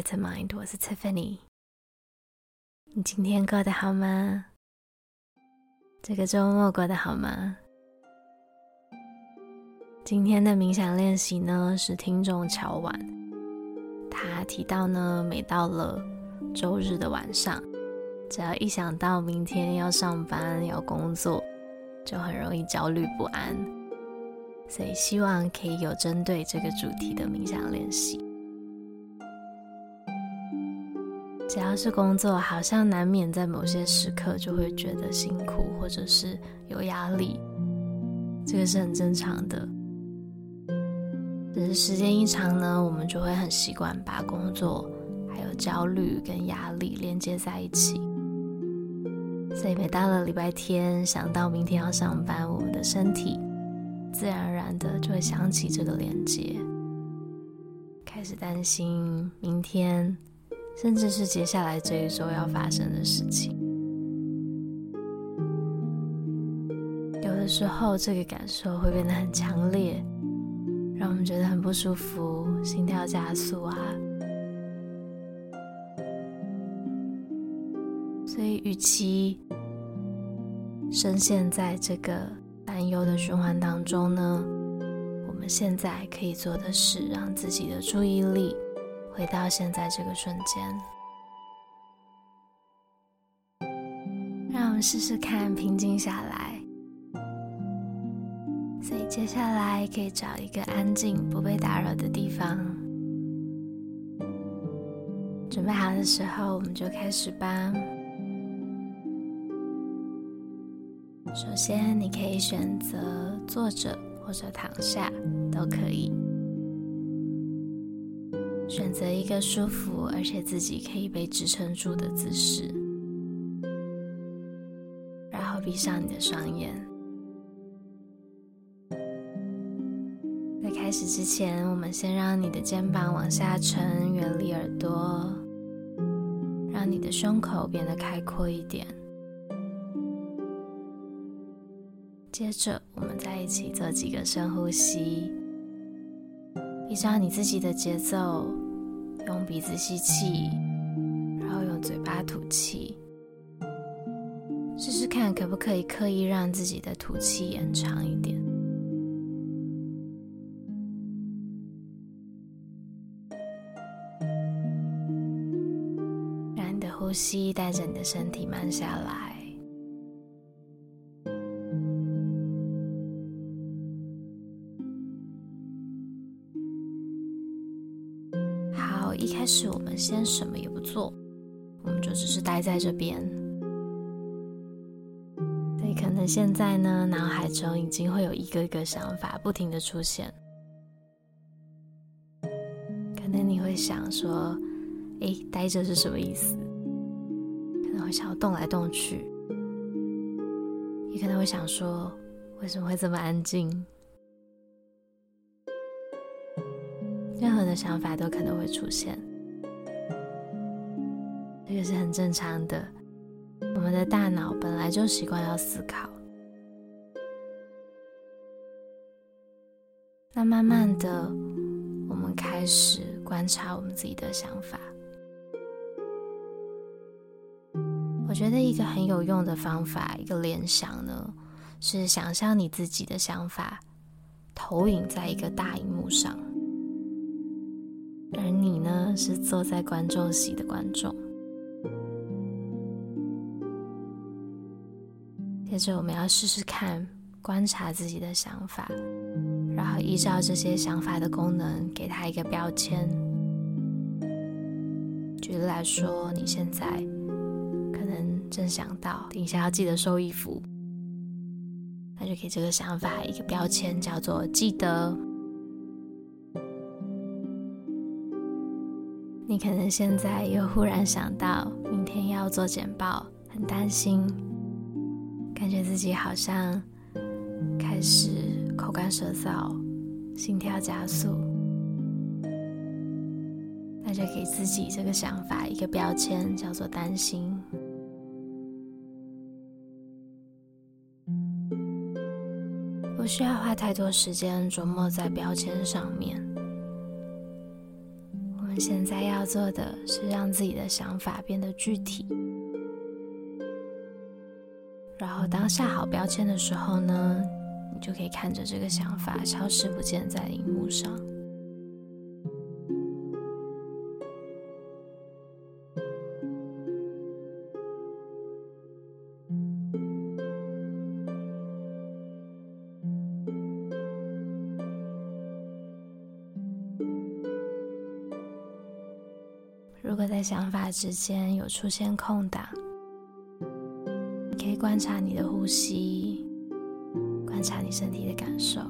b e t 我是 Tiffany。你今天過得好嗎？這個周末過得好嗎？今天的冥想練習呢，是聽眾喬婉。他提到呢，每到了周日的晚上，只要一想到明天要上班要工作，就很容易焦慮不安。所以，希望可以有針對這個主題的冥想練習。只要是工作，好像難免在某些時刻就會覺得辛苦，或者是有壓力，這個是很正常的。只是時間一長呢，我們就會很習慣把工作還有焦慮跟壓力連接在一起，所以每到了禮拜天，想到明天要上班，我們的身體自然而然的就會想起這個連接，開始擔心明天。甚至是接下來這一周要發生的事情，有的時候這個感受會變得很強烈，讓我們覺得很不舒服，心跳加速啊。所以，與其深陷在這個擔憂的循環當中呢，我們現在可以做的是，讓自己的注意力。回到現在這個瞬間，讓我們試試看平靜下來。所以接下來可以找一個安靜、不被打擾的地方。準備好的時候，我們就開始吧。首先，你可以選擇坐着或者躺下，都可以。選擇一個舒服而且自己可以被支撐住的姿勢，然後閉上你的雙眼。在開始之前，我們先讓你的肩膀往下沉，遠離耳朵，讓你的胸口變得開闊一點。接着，我們再一起做幾個深呼吸。依照你自己的節奏，用鼻子吸氣，然後用嘴巴吐氣。試試看，可不可以刻意讓自己的吐氣延長一點？讓你的呼吸帶着你的身體慢下來。但是我們先什麼也不做，我們就只是待在這邊。所以可能現在呢，腦海中已經會有一個個想法不停的出現。可能你會想說，誒，待着是什麼意思？可能會想要動來動去。你可能會想說，為什麼會這麼安靜？任何的想法都可能會出現。也是很正常的。我們的大腦本來就習慣要思考，那慢慢的，我們開始觀察我們自己的想法。我覺得一個很有用的方法，一個聯想呢，是想象你自己的想法投影在一個大熒幕上，而你呢，是坐在觀眾席的觀眾。接着，我們要試試看觀察自己的想法，然後依照這些想法的功能，給它一個標籤。舉例來說，你現在可能正想到，等一下要記得收衣服，那就給這個想法一個標籤，叫做“記得”。你可能現在又忽然想到，明天要做簡報，很擔心。感覺自己好像開始口乾舌燥，心跳加速。大家給自己這個想法一個標籤，叫做“擔心”。不需要花太多時間琢磨在標籤上面。我們現在要做的是讓自己的想法變得具體。然後，當下好標籤的時候呢，你就可以看着這個想法消失不見在熒幕上。如果在想法之間有出現空檔。觀察你的呼吸，觀察你身體的感受，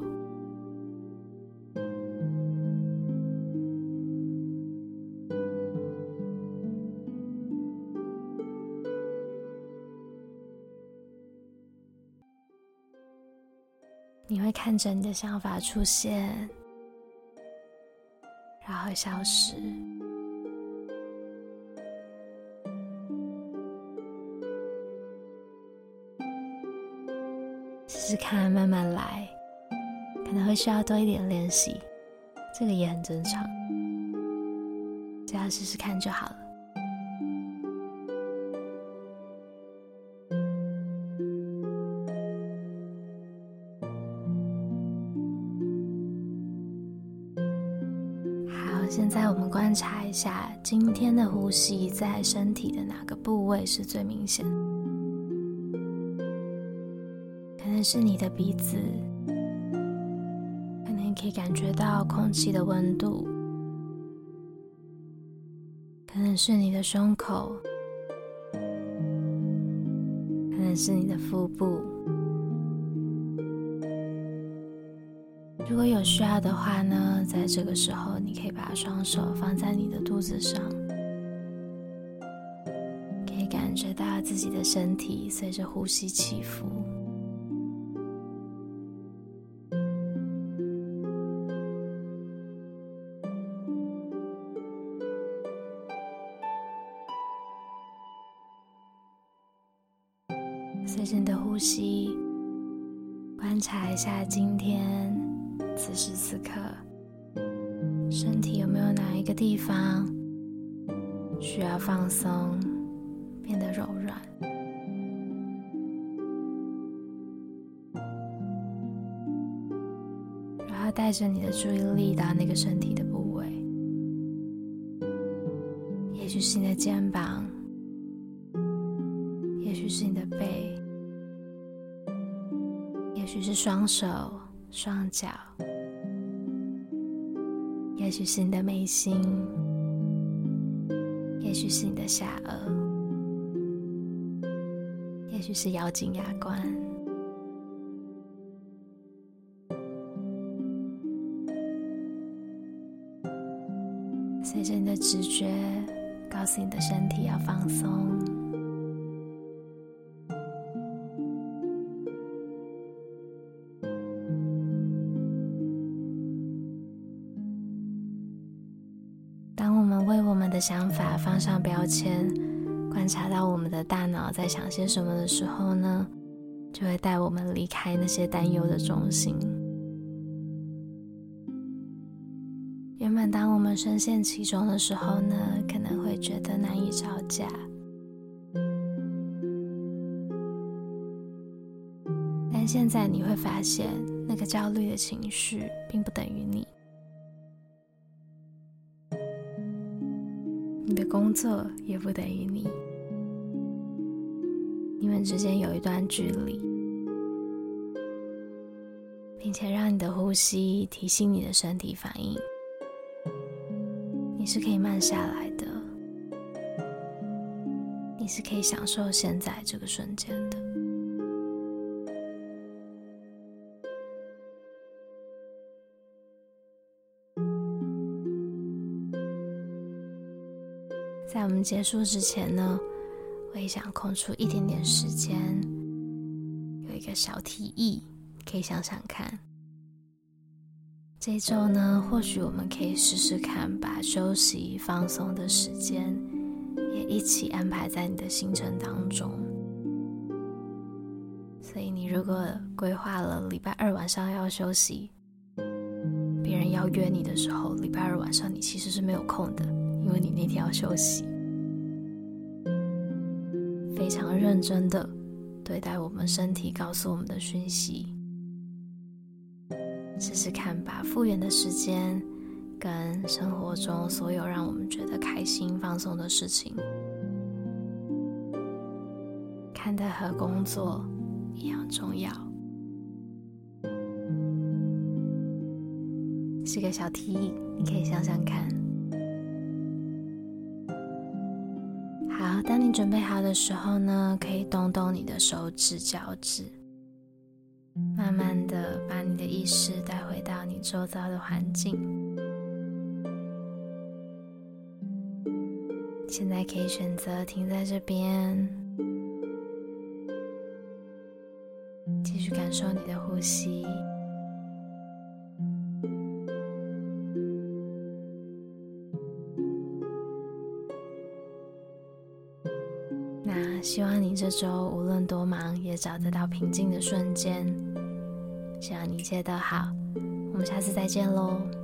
你會看着你的想法出現，然後消失。試試看，慢慢來，可能會需要多一點練習，這個也很正常，只要試試看就好了。好，現在我們觀察一下今天的呼吸在身體的哪個部位是最明顯。可能是你的鼻子，可能你可以感覺到空氣的溫度；可能是你的胸口，可能是你的腹部。如果有需要的話呢，在這個時候，你可以把雙手放在你的肚子上，可以感覺到自己的身體隨着呼吸起伏。隨着你的呼吸，觀察一下今天此時此刻，身體有沒有哪一個地方需要放鬆，變得柔軟，然後帶着你的注意力到那個身體的部位，也許是你的肩膀。也許是雙手、雙腳，也許是你的眉心，也許是你的下顎，也許是咬緊牙關。隨着你的直覺，告訴你的身體要放鬆。想法，放上標籤，觀察到我們的大腦在想些什麼的時候呢，就會帶我們離開那些擔憂的中心。原本當我們深陷其中的時候呢，可能會覺得難以招架。但現在你會發現，那個焦慮的情緒並不等於你。的工作也不等於你，你們之間有一段距離，並且讓你的呼吸提醒你的身體反應。你是可以慢下來的，你是可以享受現在這個瞬間的。在我們結束之前呢，我也想空出一點點時間，有一個小提議，可以想想看。這週呢，或許我們可以試試看，把休息放鬆的時間也一起安排在你的行程當中。所以，你如果規劃了禮拜二晚上要休息，別人要約你的時候，禮拜二晚上你其實是沒有空的。因為你那天要休息，非常認真的對待我們身體告訴我們的訊息，試試看把復原的時間跟生活中所有讓我們覺得開心、放鬆的事情，看得和工作一樣重要，是個小提議，你可以想想看。當你準備好的時候呢，可以動動你的手指、腳趾，慢慢的把你的意識帶回到你周遭的環境。現在可以選擇停在這邊，繼續感受你的呼吸。希望你這週無論多忙，也找得到平靜的瞬間。希望你一切都好，我們下次再見嘍。